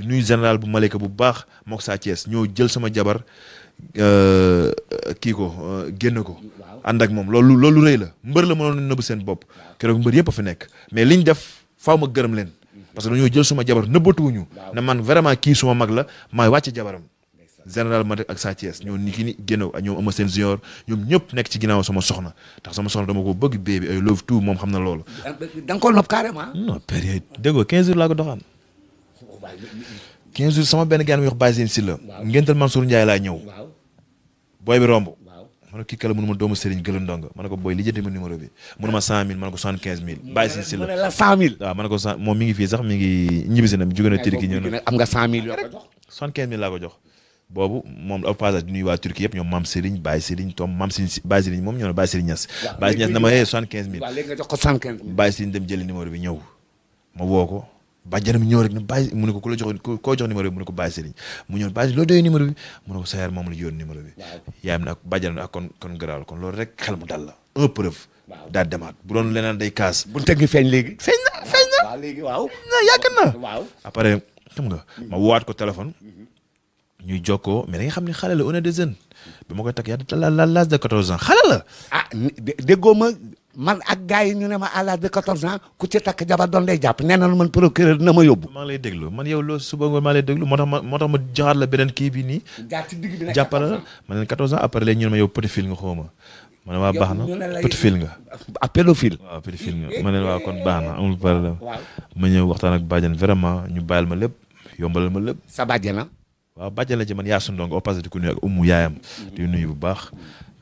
di nuyu général bu Malika bu baax mook Sa Thiès ñoo jël sama jabar euh, kii ko euh, génn ko. ànd ak moom loolu loolu rëy la mbër la mënoon nëbb seen bopp. keroog mbër yëpp a nekk mais liñ def faaw ma gërëm leen. Mhm. parce que dañoo jël suma jabar nëbbatuwuñu na man vraiment kii suma mag la maay wàcc jabaram. général Malick ak Sa Thiès ñoo ni ki ni génnaw ak ñoom Ama ñëpp nekk ci ginnaaw sama soxna ndax sama soxna dama ko bëgg bébé ay love tout moom xam na loolu. da nga ko nopp carrément. non laa ko doxaan. 15 jours sama benn gaan mi wax Baye Zine si la. waaw ngental Mansour Ndiaye laa ñëw. waaw booy bi romb. waaw ma ne ko booy lijjanti ma numéro ma ne ko 75000. ko cent moom mi ngi fii sax mi ngi ñibbisi na ko jox. 75000 laa ko jox. boobu moom au passage du nuyu waa Turquie yëpp ñoom Mame Serigne Baye Serigne Tom Mame Serigne Baye Serigne moom ñoo ne Baye Serigne Niass. Eh, bi ñëw ma woo bàjjanam ñëw rek ne bàyyi mu ne ko ku la jox koo jox numéro ko bàyyi sëriñ mu ñëw bàyyi loo doyee numéro bi mu ne ko sa moom la yoon numéro yaayam ne ak kon kon kon loolu rek xel mu dal la un preuve daal demaat bu doon leneen day kaas bu teg feeñ léegi feeñ na feeñ na waaw léegi waaw xam nga ma woowaat ko téléphone mhm. ñuy jokkoo mais da nga xam ne xale la on est des jeunes bi ma koy takk yaa la l'âge de 14 ans xale la ah déggoo man ak gars yi ñu ne ma à l'âge de 14 ans ku ci takk jabar doon lay jàpp nee na man procureur dina ma yóbbu. maa ngi lay déglu man yow loo suba nga maa lay déglu moo tax ma moo tax ma la beneen kii bi nii. jaar jàppal ma ne 14 ans après léegi ñu ne ma yow pédophile nga xaw ma. waa baax na pédophile nga. ah pédophile. waaw pédophile nga ma ne waa kon baax na amul problème. ma ñëw waxtaan ak bàjjen vraiment ñu bàyyil ma lépp yombalal ma lépp. sa bàjjen na. waaw bàjjen la ci man yaa sunu ndongo au passé di umu yaayam. Mm-hmm. di nuyu bu baax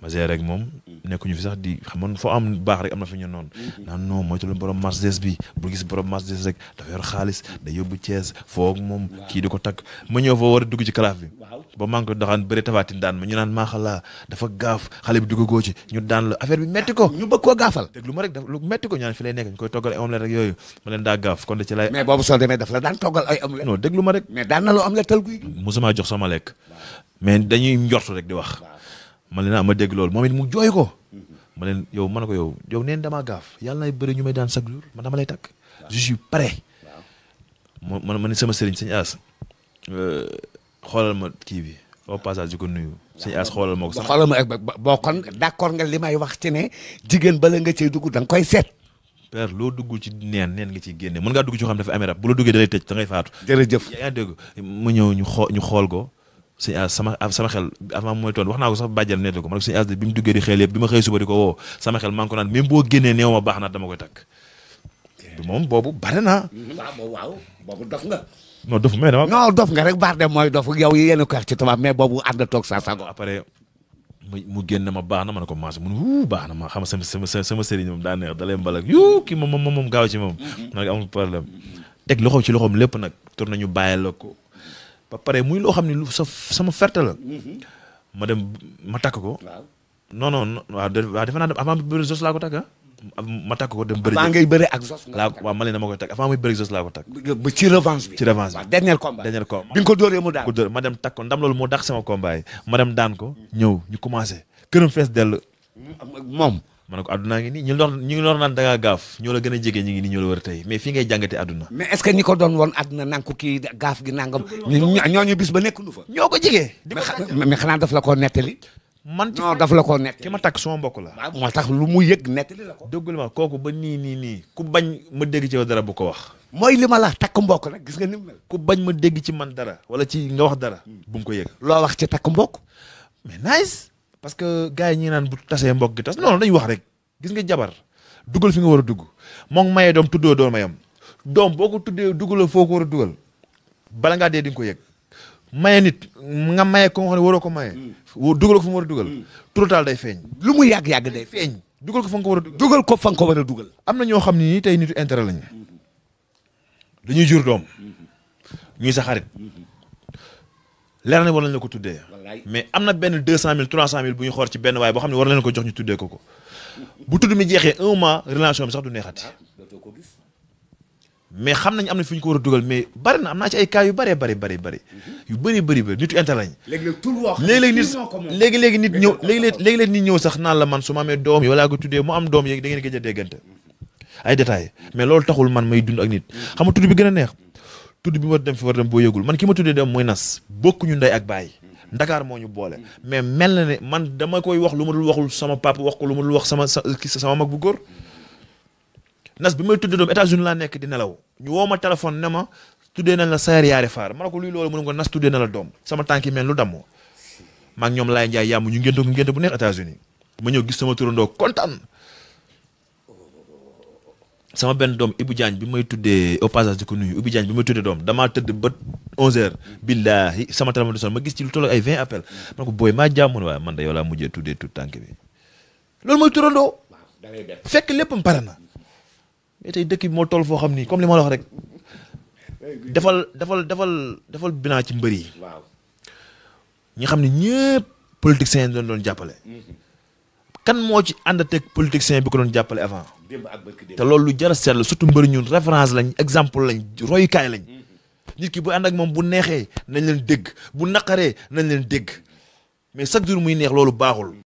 ma Mazé rek moom. nekkuñu fi sax di xam foo am baax rek am na fi ñu noonu. Mm-hmm. naan non moytu la borom Mercedes bu gis da yóbbu Thiès foo ak moom. kii di ko takk ma ñëw foo war a dugg ci kalaaf bi. ba maa naan maaxalaa dafa gaaf xale bi duggagoo ci ñu daan la affaire bi koo gaafal. dégg lu ma rek daf lu metti ko ñaan fi lay nekk ñu koy toggal da ci lay. mais boobu jox sama lekk mais dañuy njortu rek di wax man leen ah, ma dégg loolu moom it mu jooy ko. ma leen yow man ko yow yow neen damaa gaaf yàlla nay bëri ñu may daan chaque jour man dama lay takk. pare suis prêt. waaw man man sama sëriñ sëñ As. Euh, xoolal ma kii bi au passage di ko nuyu. sëñ As xoolal ma ko sax xoolal ma eh, boo kon d'accord nga li may wax ci ne jigéen bala nga cay dugg da nga koy seet. père loo dugg ci neen neen nga ciy génne mën ngaa dugg ci xam dafa amee rab bu la duggee da lay tëj da ngay faatu. jërëjëf yaa dégg ma ñëw ñu xoo ñu xool ko. sëñ As sama sama xel avant mooy toon wax naa ko sax bàjjal nettali ko ko sëñ As de bi mu duggee di xel yëpp bi ma xëy suba di ko woo sama xel maa ko naan même moom boobu bare na waaw waaw boobu dof nga. non dof mais dof nga rek baar dem mooy dof yow yéen a ko wax ci tubaab mais boobu ànd toog sa sago. après mu mu génn ma baax na ma ne ko maas mu ne wuu baax na ma xam sama sama sama sëriñ moom daa da lay mbalak yuu kii moom moom moom gaaw ci moom. Mm-hmm. nag amul problème teg loxo ci loxoom lépp nag tur nañu bàyyil ko ba pare muy loo xam ne lu sa sama ferte la. Mhm. ma dem ma takk ko. waaw non non waaw defe naa avant bëri Zos laa ko takk ah. ma takk ko dem bëri. avant ngay bëri ak Zos. laa waaw ma leen dama koy takk avant muy bëri Zos laa ko takk. ba ci revanche bi. ci revanche bi waaw dernier bi nga ko dóoree mu daan ma dem takk ko ndam loolu moo dàq sama combat ma dem daan ko. ñëw ñu commencé këram fees dell. moom. ma ne ko àdduna ngi nii ñu doon naan da gaaf ñoo la gën a jege ñu ngi nii ñoo la war a tey mais fii ngay jàngatee àdduna mais est-ce que ñi ko doon woon àdduna nang ko kii gaaf gi nangam ñooñu bis ba nekk nu fa ñoo ko jigee mais xanaa daf la koo nettali man ci la koo nettali ki ma takk sama mbokk la ah, moo tax lu mu yëg nettali la ko dëggul ma kooku ba nii nii nii ku bañ ma dégg ci dara bu ko wax mooy li ma la takk mbokk nag gis nga ni ku bañ ma dégg ci man dara wala ci nga wax dara bu mu ko yëg loo wax ci takk mbokk mais nice parce que gars yi ñi naan bu tasee mbokk gi tas non dañuy wax rek gis nga jabar dugal fi nga war a dugg moom mayee doom tuddoo doo yam doom boo ko tuddee dugaloo foo ko war a dugal bala ngaa dee di ko yëg maye nit nga maye ko nga ko maye. Mm. dugal ko fu war a dugal. Mm. total day feeñ. lu mu yàgg yàgg day feeñ. dugal ko fa nga ko war a dugal ko fa war a dugal. am na ñoo xam ne nii tey nitu intérêt lañu. Mm-hmm. dañuy jur doom. Mm-hmm. ñuy sa xarit. Mm-hmm. leer na war nañ ko tuddee mais am na benn deux cent mille trois cent mille bu ñu xool ci benn waaye boo xam ne war nañ ko jox ñu tuddee ko ko bu tudd mi jeexee un relation bi sax du neexati ah, mais xam nañ am na fi ñu ko war a dugal mais bari na am naa ci ay yu bëree bëri bëri bëri mhm. yu bëri bëri bëri nitu inter lañ léegi-léegi nit léegi-léegi nit ñëw léegi-léegi léegi-léegi nit ñëw sax naan la man su ma amee doom yi walaa ko tuddee mu am doom yeegi da ngeen gëj a déggante mhm. ay détails mais loolu taxul man may dund ak nit mhm. xam nga tudd bi gën a neex tudd bi ma dem fi war dem boo yëgul man ki ma tuddee dem mooy nas bokkuñu ndey ak baay ndakaar moo ñu boole mais mel na ne man dama koy wax lu ma dul waxul sama papa wax ko lu ma dul wax sama sama mag bu góor nas bi may tuddee doom États-Unis laa nekk di nelaw ñu woo ma téléphone ne ma tuddee na la Saer Yaari Faar ma ne ko luy loolu mënu ko nas tuddee na la doom sama tànki mel lu dammoo maag ñoom laay njaay yàmm ñu ngénte ko ngénte bu neex États-Unis ma ñëw gis sama turandoo kontaan sama benn doom Ibou Diagne bi mooy tuddee au passage di ko nuyu Ibou Diagne bi may tuddee doom damaa tëdd ba 11h. billahi sama téléphone du sonn ma gis ci lu toll ay 20 appels. man ko booy maa jaamoon waaye man de yow laa mujjee tuddee tout tànk bi. loolu mooy turandoo. fekk lépp pare na. mais tey dëkk bi moo toll foo xam ni comme li ma la wax rek. defal defal defal defal binaa ci mbër yi. waaw ñi xam ne ñëpp politiciens yi doon doon jàppale. Mm-hmm. kan moo ci ànd teg politicien bi ko doon jàppale avant te loolu lu jar a seetlu surtout mbëri ñun référence lañ exemple lañ royukaay lañ mm-hmm. nit ki bu ànd ak moom bu neexee nañ leen dégg bu naqaree nañ leen dégg mais chaque jour muy neex loolu baaxul